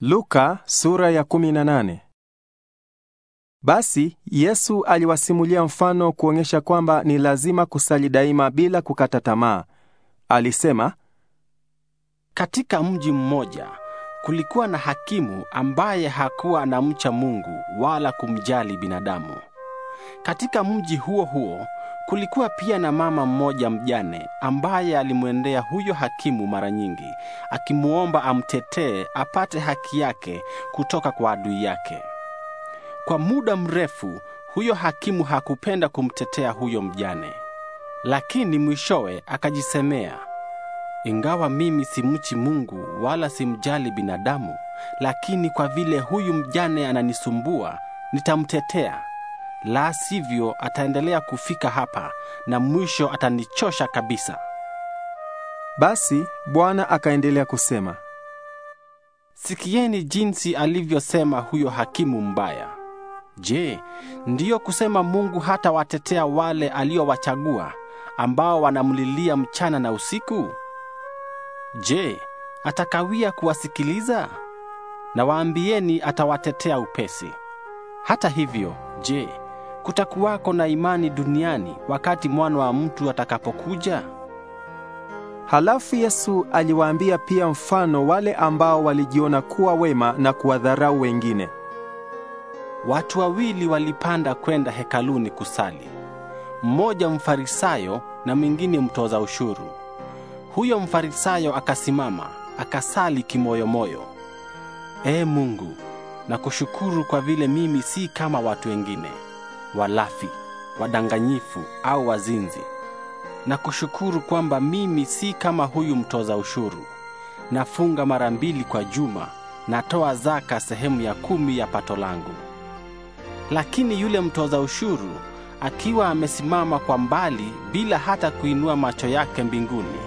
Luka sura ya 18. Basi Yesu aliwasimulia mfano kuonyesha kwamba ni lazima kusali daima bila kukata tamaa. Alisema, katika mji mmoja kulikuwa na hakimu ambaye hakuwa anamcha Mungu wala kumjali binadamu. Katika mji huo huo Kulikuwa pia na mama mmoja mjane ambaye alimwendea huyo hakimu mara nyingi, akimwomba amtetee apate haki yake kutoka kwa adui yake. Kwa muda mrefu huyo hakimu hakupenda kumtetea huyo mjane, lakini mwishowe akajisemea, ingawa mimi simchi Mungu wala simjali binadamu, lakini kwa vile huyu mjane ananisumbua, nitamtetea la sivyo ataendelea kufika hapa na mwisho atanichosha kabisa. Basi Bwana akaendelea kusema, sikieni jinsi alivyosema huyo hakimu mbaya. Je, ndiyo kusema Mungu hatawatetea wale aliowachagua ambao wanamlilia mchana na usiku? Je, atakawia kuwasikiliza? nawaambieni atawatetea upesi. Hata hivyo, je, kutakuwako na imani duniani wakati mwana wa mtu atakapokuja? Halafu Yesu aliwaambia pia mfano wale ambao walijiona kuwa wema na kuwadharau wengine. Watu wawili walipanda kwenda hekaluni kusali, mmoja mfarisayo na mwingine mtoza ushuru. Huyo mfarisayo akasimama akasali kimoyomoyo, Ee Mungu, nakushukuru kwa vile mimi si kama watu wengine walafi, wadanganyifu au wazinzi, na kushukuru kwamba mimi si kama huyu mtoza ushuru. Nafunga mara mbili kwa juma, natoa zaka sehemu ya kumi ya pato langu. Lakini yule mtoza ushuru akiwa amesimama kwa mbali bila hata kuinua macho yake mbinguni,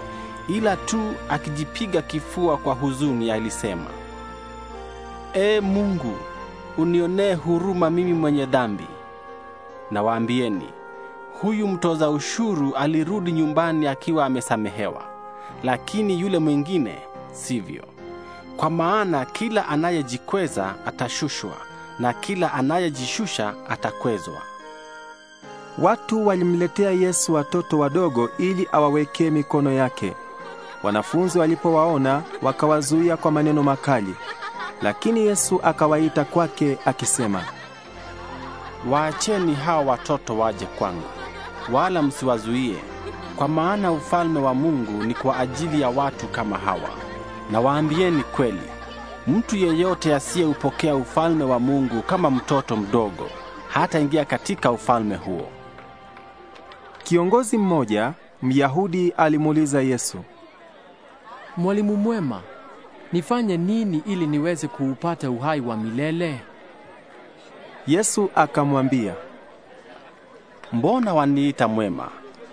ila tu akijipiga kifua kwa huzuni, alisema, Ee Mungu, unionee huruma mimi mwenye dhambi na waambieni, huyu mtoza ushuru alirudi nyumbani akiwa amesamehewa, lakini yule mwingine sivyo. Kwa maana kila anayejikweza atashushwa, na kila anayejishusha atakwezwa. Watu walimletea Yesu watoto wadogo ili awawekee mikono yake. Wanafunzi walipowaona wakawazuia kwa maneno makali, lakini Yesu akawaita kwake akisema, waacheni hawa watoto waje kwangu, wala msiwazuie, kwa maana ufalme wa Mungu ni kwa ajili ya watu kama hawa. Na waambieni kweli, mtu yeyote asiyeupokea ufalme wa Mungu kama mtoto mdogo hataingia katika ufalme huo. Kiongozi mmoja Myahudi alimuuliza Yesu, Mwalimu mwema, nifanye nini ili niweze kuupata uhai wa milele? Yesu akamwambia, mbona waniita mwema?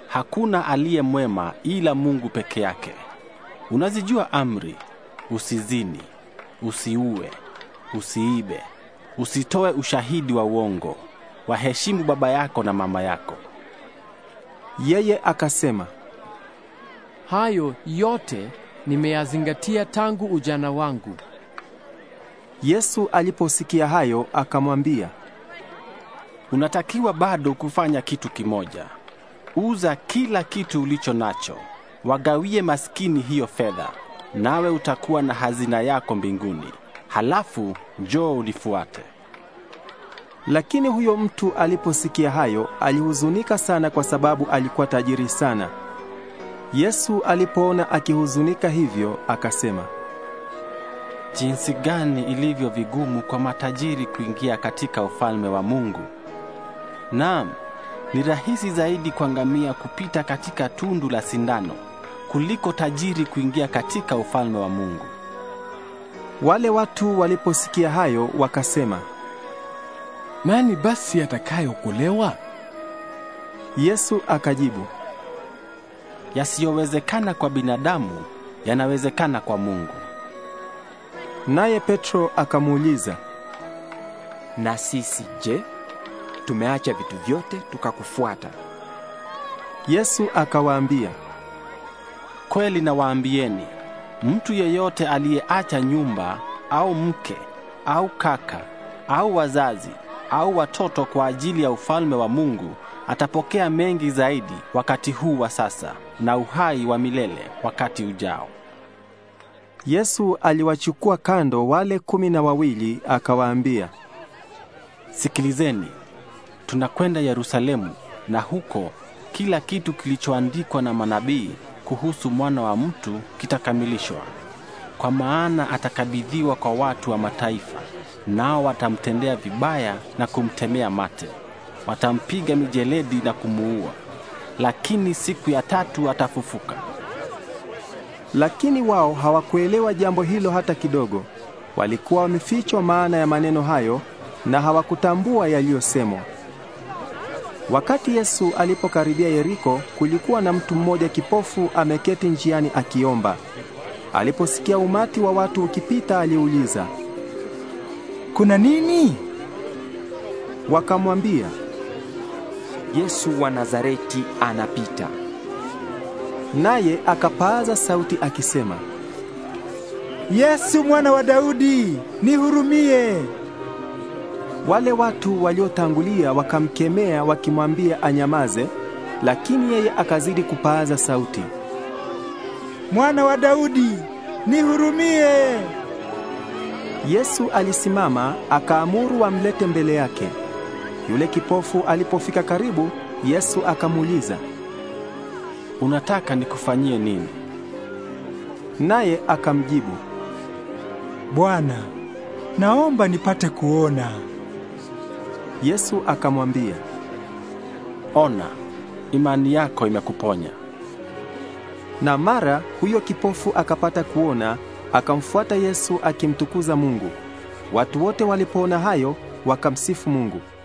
Hakuna aliye mwema ila Mungu peke yake. Unazijua amri: usizini, usiue, usiibe, usitoe ushahidi wa uongo, waheshimu baba yako na mama yako. Yeye akasema, hayo yote nimeyazingatia tangu ujana wangu. Yesu aliposikia hayo akamwambia, unatakiwa bado kufanya kitu kimoja. Uza kila kitu ulicho nacho, wagawie maskini hiyo fedha, nawe utakuwa na hazina yako mbinguni. Halafu njoo unifuate. Lakini huyo mtu aliposikia hayo, alihuzunika sana kwa sababu alikuwa tajiri sana. Yesu alipoona akihuzunika hivyo, akasema, Jinsi gani ilivyo vigumu kwa matajiri kuingia katika ufalme wa Mungu! Naam, ni rahisi zaidi kwa ngamia kupita katika tundu la sindano kuliko tajiri kuingia katika ufalme wa Mungu. Wale watu waliposikia hayo wakasema, nani basi atakayeokolewa? Yesu akajibu, yasiyowezekana kwa binadamu yanawezekana kwa Mungu. Naye Petro akamuuliza, na sisi je? tumeacha vitu vyote tukakufuata. Yesu akawaambia, kweli nawaambieni, mtu yeyote aliyeacha nyumba au mke au kaka au wazazi au watoto kwa ajili ya ufalme wa Mungu atapokea mengi zaidi wakati huu wa sasa na uhai wa milele wakati ujao. Yesu aliwachukua kando wale kumi na wawili akawaambia, Sikilizeni, tunakwenda Yerusalemu na huko kila kitu kilichoandikwa na manabii kuhusu mwana wa mtu kitakamilishwa. Kwa maana atakabidhiwa kwa watu wa mataifa, nao watamtendea vibaya na kumtemea mate, watampiga mijeledi na kumuua, lakini siku ya tatu atafufuka. Lakini wao hawakuelewa jambo hilo hata kidogo. Walikuwa wamefichwa maana ya maneno hayo na hawakutambua yaliyosemwa. Wakati Yesu alipokaribia Yeriko, kulikuwa na mtu mmoja kipofu ameketi njiani akiomba. Aliposikia umati wa watu ukipita, aliuliza, kuna nini? Wakamwambia, Yesu wa Nazareti anapita. Naye akapaaza sauti akisema, Yesu mwana wa Daudi, nihurumie. Wale watu waliotangulia wakamkemea wakimwambia anyamaze, lakini yeye akazidi kupaaza sauti, Mwana wa Daudi, nihurumie. Yesu alisimama akaamuru wamlete mbele yake. Yule kipofu alipofika karibu, Yesu akamuuliza, Unataka nikufanyie nini? Naye akamjibu, Bwana, naomba nipate kuona. Yesu akamwambia, ona, imani yako imekuponya. Na mara huyo kipofu akapata kuona, akamfuata Yesu akimtukuza Mungu. Watu wote walipoona hayo wakamsifu Mungu.